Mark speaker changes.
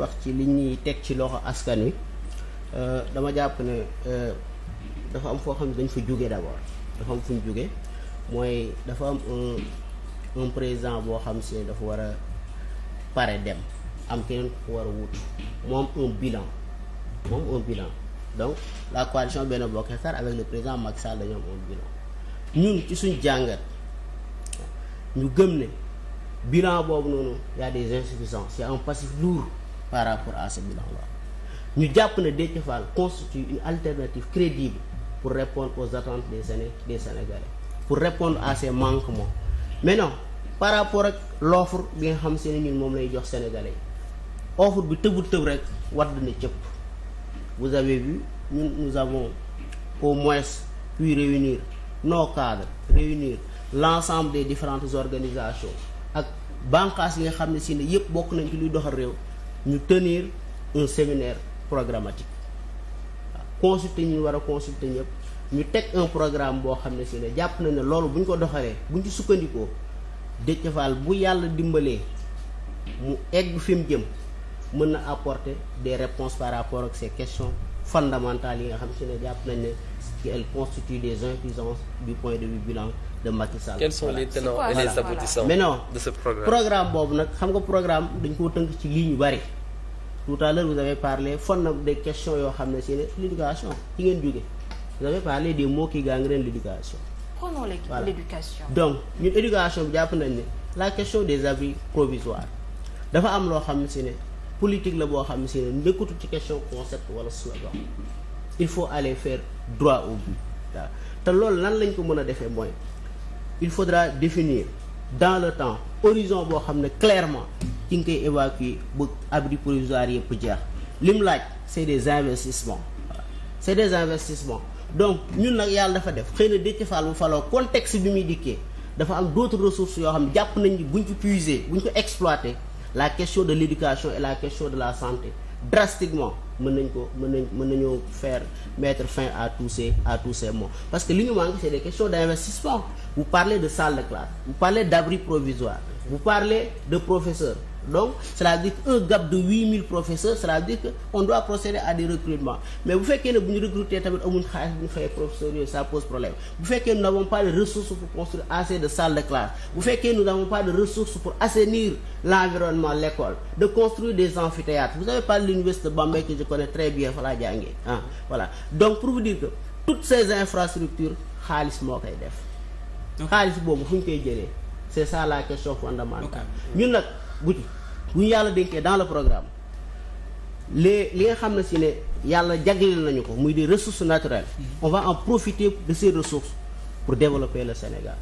Speaker 1: wax ci li ñuy teg ci loxo askan wi euh, dama jàpp ne euh, dafa am foo xam ne dañ fa jóge d'abord dafa am fu ñu jóge mooy dafa am un un boo xam si dafa war a pare dem am keneen ku war a wut moom un bilan moom un bilan donc la coalition Benno Bokk Yaakaar avec le président Macky Sall dañoo am un bilan ñun ci suñ jàngat ñu gëm ne bilan boobu noonu y des insuffisances y a un passif lourd par rapport à ce bilan-là ñu jàpp ne Déthié Fall constitue une alternative crédible pour répondre aux attentes des Séné des Sénégalais pour répondre à ces manquements mais non par rapport ak l'offre bi nga xam se ne ñun moom lay jox Sénégalais yi offre bi tëbu tëb rek wadd na cëpp vous avez vu ñun nous avons au moins pu réunir nos cadres réunir l'ensemble des différentes organisations ak bànqaas yi nga xam ne si ne yëpp bokk nañ ci luy doxal réew ñu tenir un séminaire programmatique waaw ñu war a consulter ñëpp ñu teg un programme boo xam ne si ne jàpp na ne loolu bu ñu ko doxalee bu ñu ci sukkandikoo Déthié Fall bu yàlla dimbalee mu egg fi mu jëm mën na apporter des réponses par rapport ak ces questions fondamentales yi nga xam si ne jàpp nañ ne qu'elles constituent des impuissances du point de vue bilan de Macky Sall. quels programme boobu nag xam nga programme dañ koo tënk ci lii ñu bari tout à l'heure vous avez parlé fond na des questions yoo xam ne si ne l'éducation ci ngeen jóge vous avez parlé des mots qui gangrènent l'éducation l'éducation donc ñun éducation bi jàpp nañ ne la question des abris provisoires dafa am loo xam ne si ne politique la boo xam ne si nekkatu ci question concept wala slogan il faut aller fair droit au but te loolu lan lañ ko mën a defee mooy il faudra définir dans le temps horizon boo xam ne clairement ci nga koy évacuer ba abri provisoire yëpp jeex li mu laaj c'est des investissements c'est des investissements donc ñun nag yàlla dafa def xëy na Déthié Fall bu faloo contexte bi muy dikkee dafa am d'autres ressources yoo xam ne jàpp nañ buñ ko puiser buñ ko exploiter la question de l'éducation et la question de la santé drastiquement mën nañ ko mën nañ mën nañoo faire mettre fin à tous ces à tous ces mots parce que li ñu manque c'est des questions d'investissement vous parlez de salle de classe vous parlez d'abri provisoire vous parlez de professeurs donc cela veut dire que un gap de huit mille professeurs cela veut dire que on doit procéder à des recrutements mais bu fekkee ne bu ñu recruter tamit amuñ xaalis bu ñu fayee professeurs yooyu ça pose problème bu fekkee nous n'avons pas de pour construire assez de salles de classe bu fekkee nous n'avons pas de ressources pour assainir l'environnement l'école de construire des amphithéâtres vous avez parlé de l'université de Bambey que je connais très bien falaa jàngee ah voilà donc pour vous dire que toutes ces infrastructures xaalis moo koy def xaalis boobu fu ñu koy jëlee c'est ça la question fondamentale ñun nag bu bu ñu yàlla dénkee dans le programme les li nga xam ne si ne yàlla jagleel nañu ko muy des ressources naturelles mhm. on va en profiter de ces ressources pour développer le Sénégal